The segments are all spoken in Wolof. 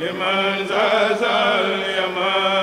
liman zazal yaman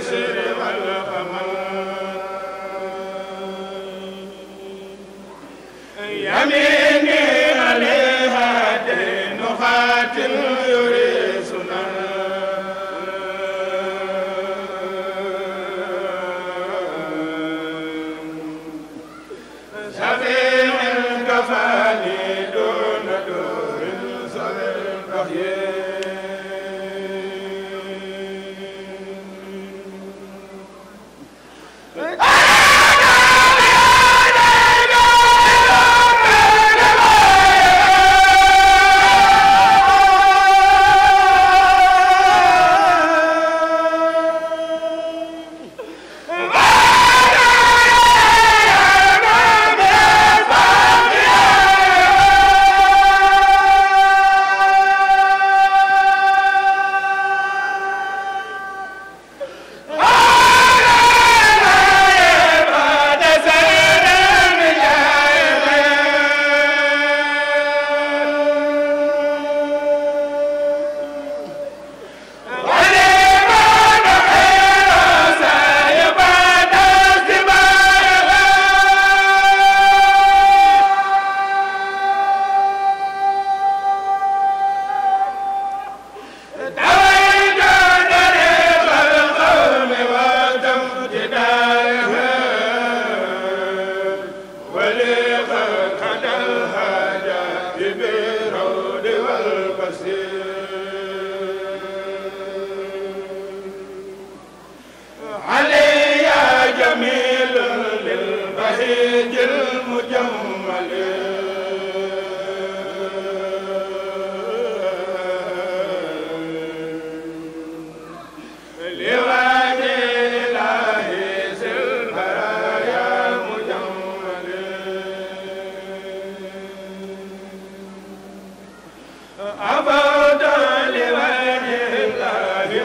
Sede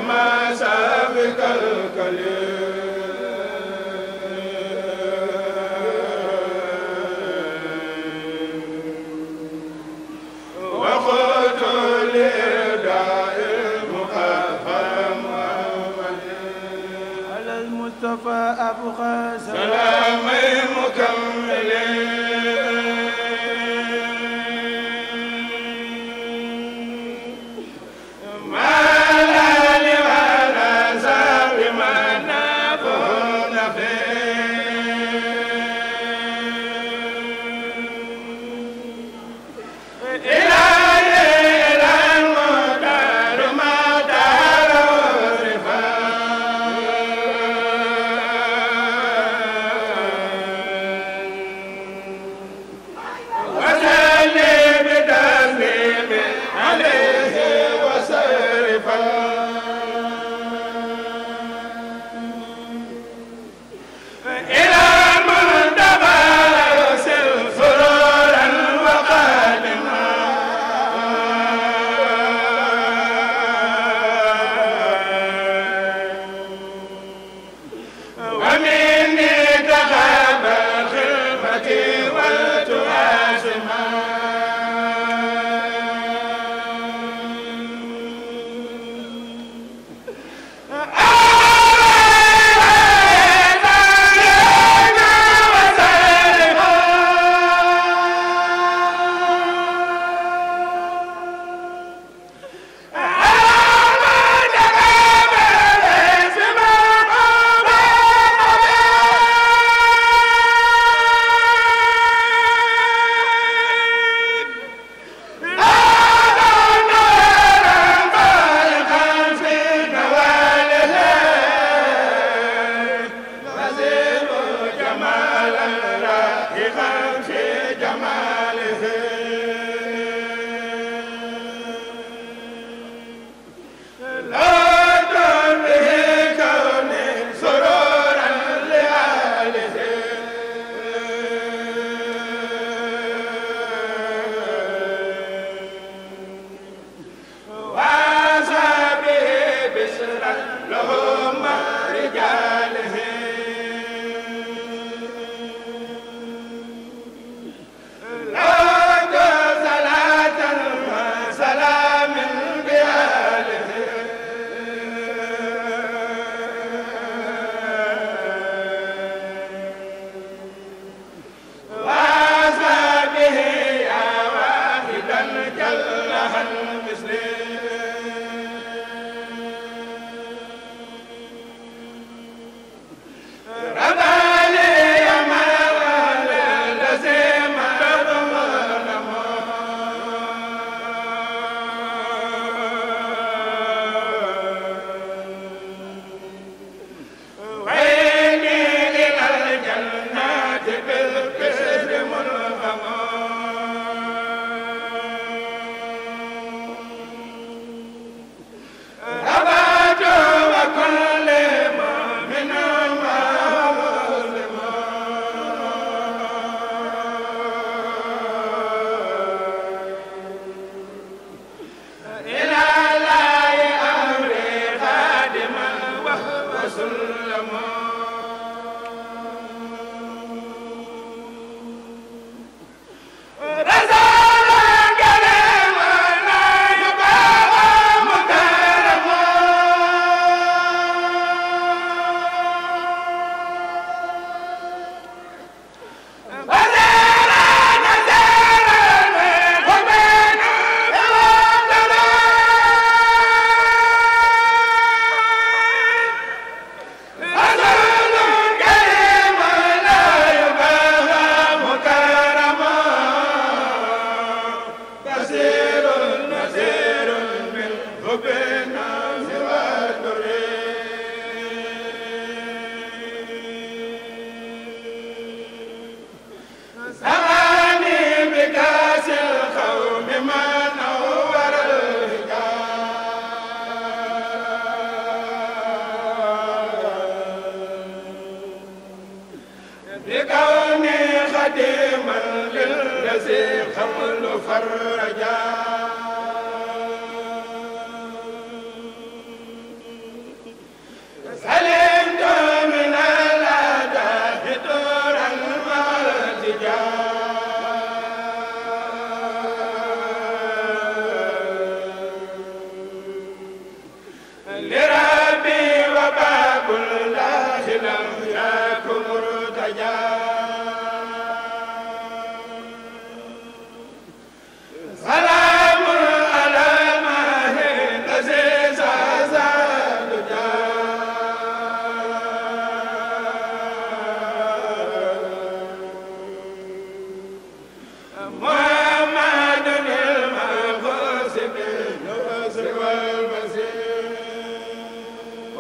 ma sabqal kalim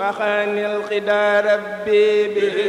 وخان القدى ربي به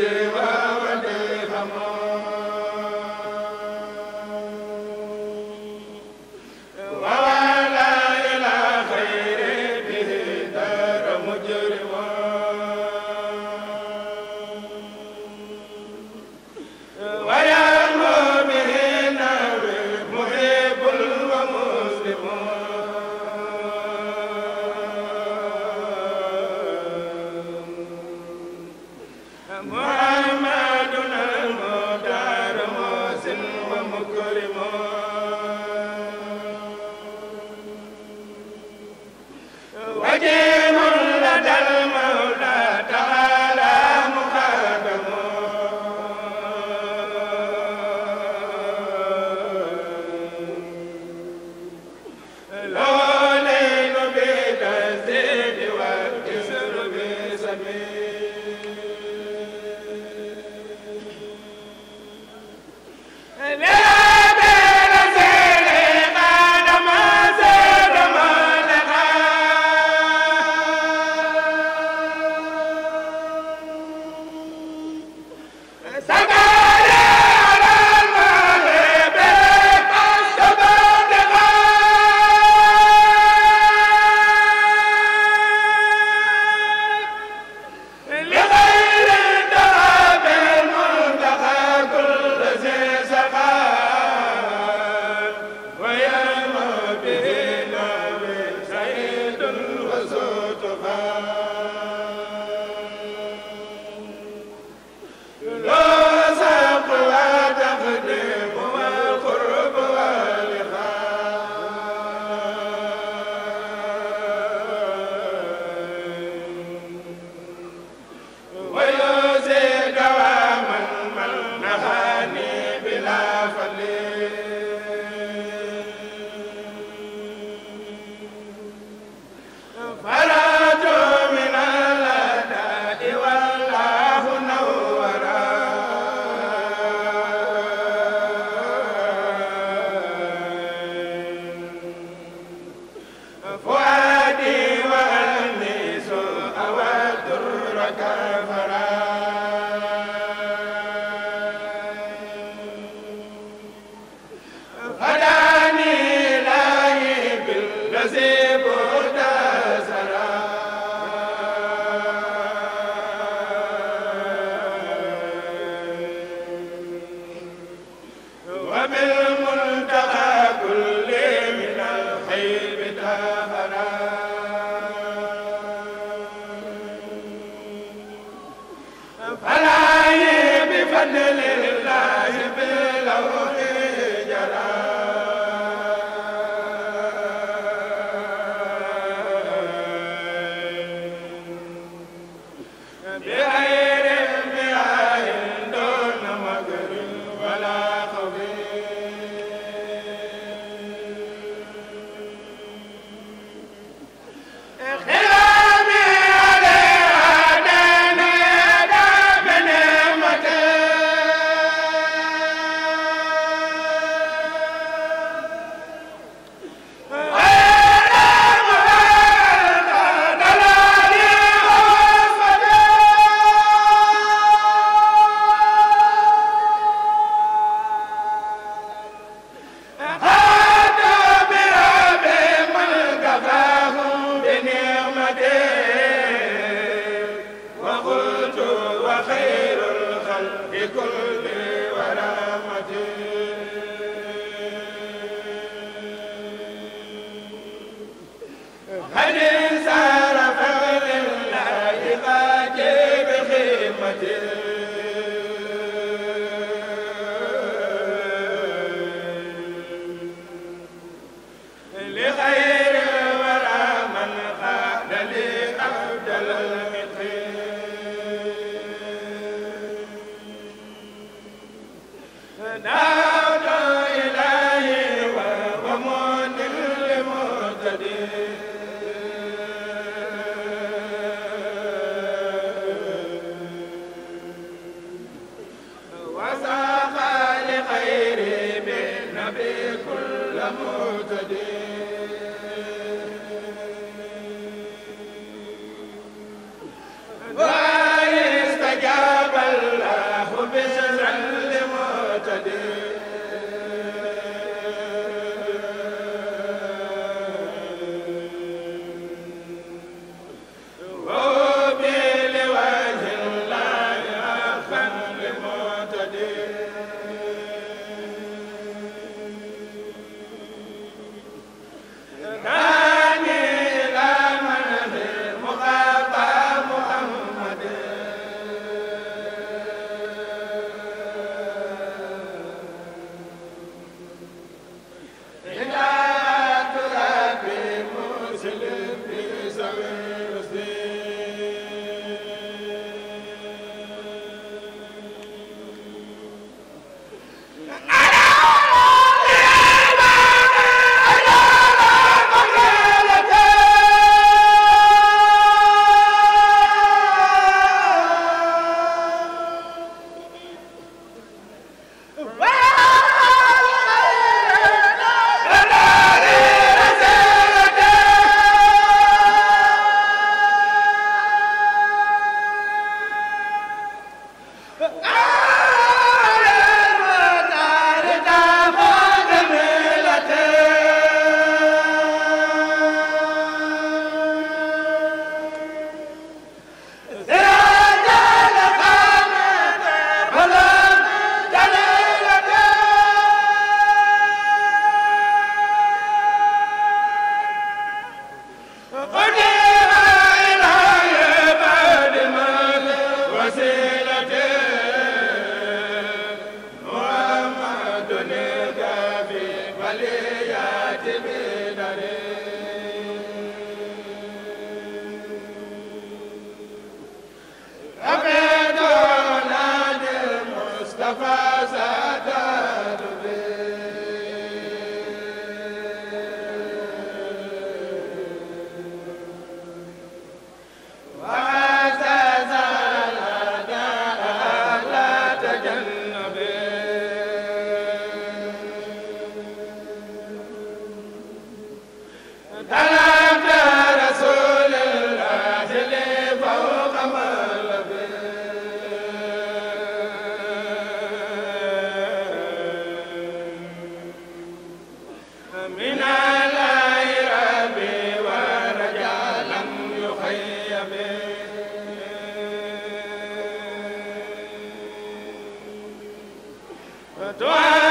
Toi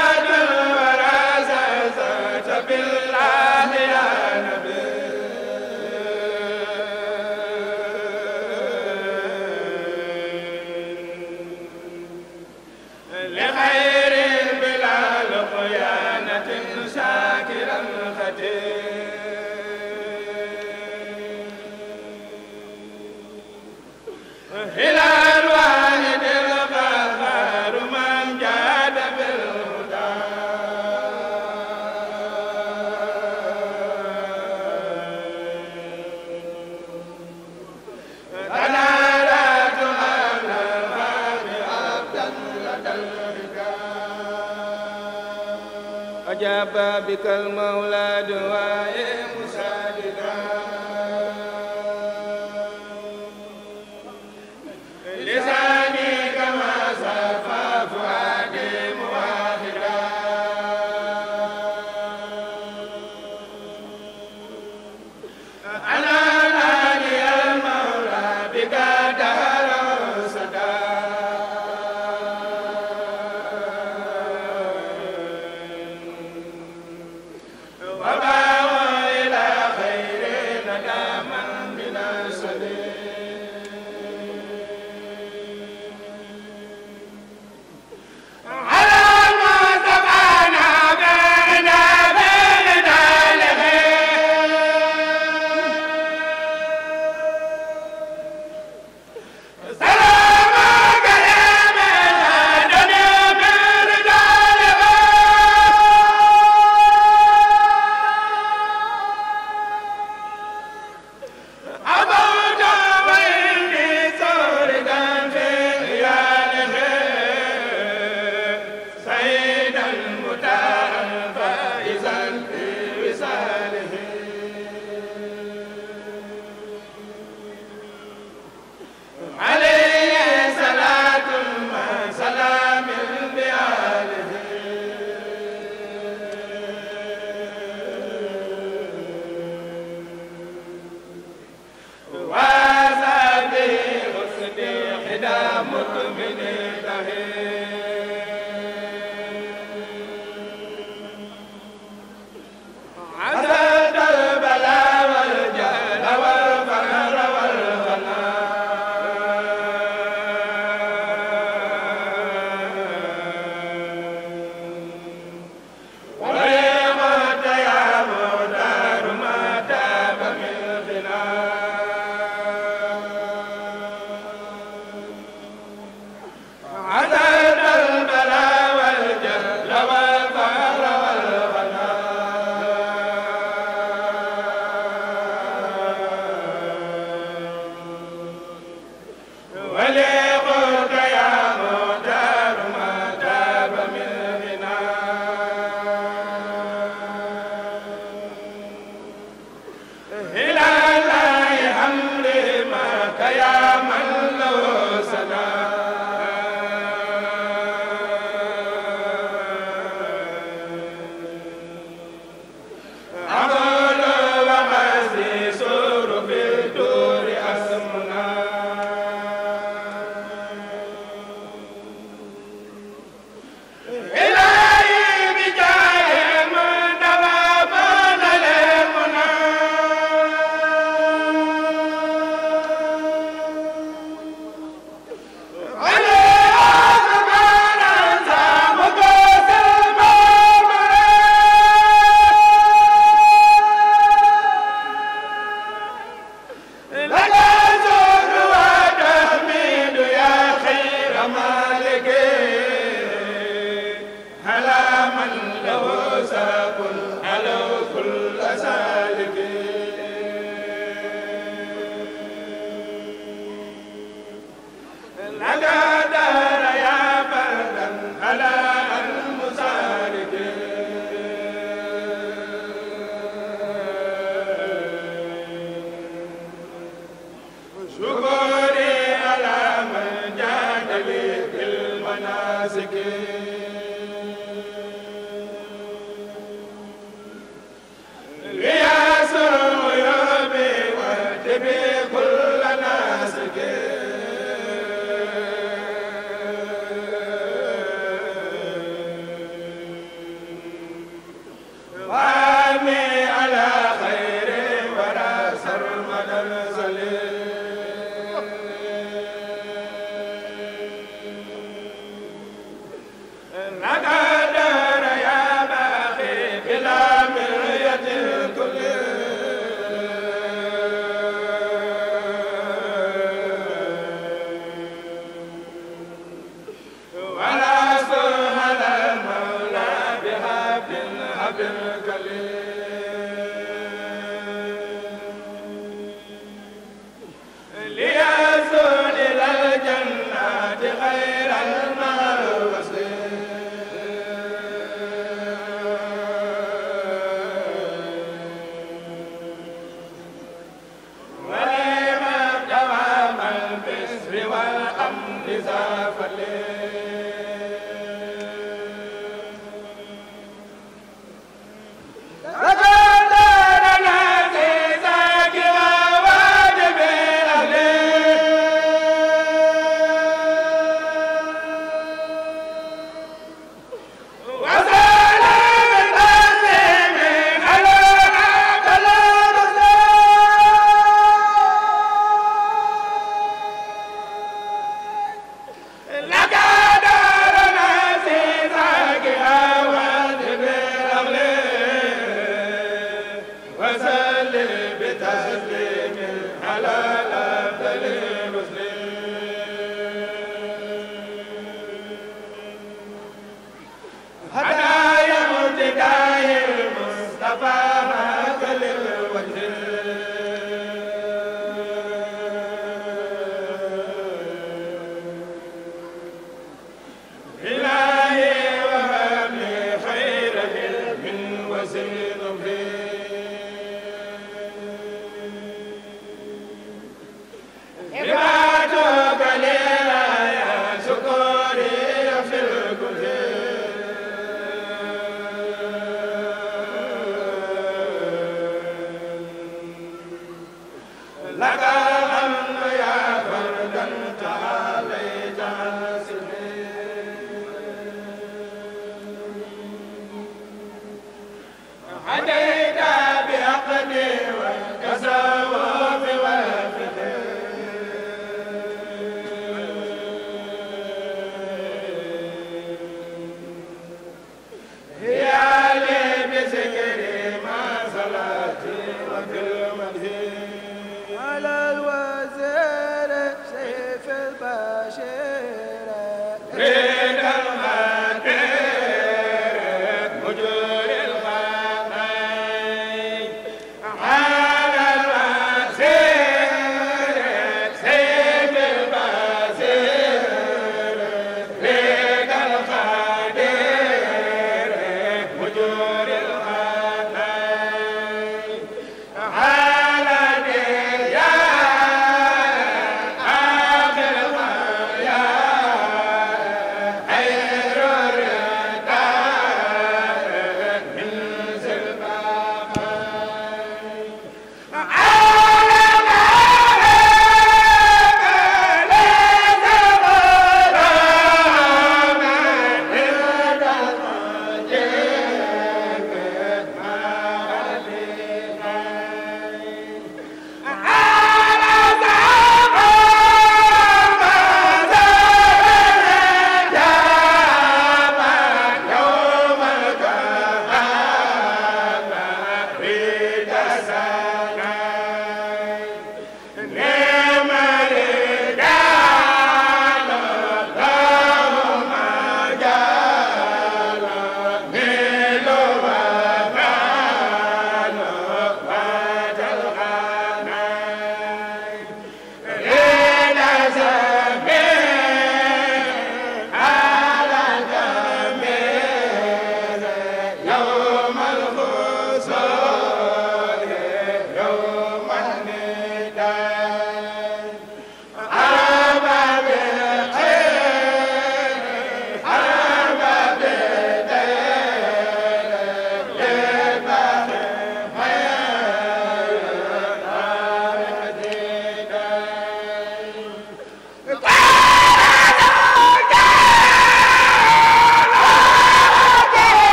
li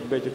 Cheikh Béthio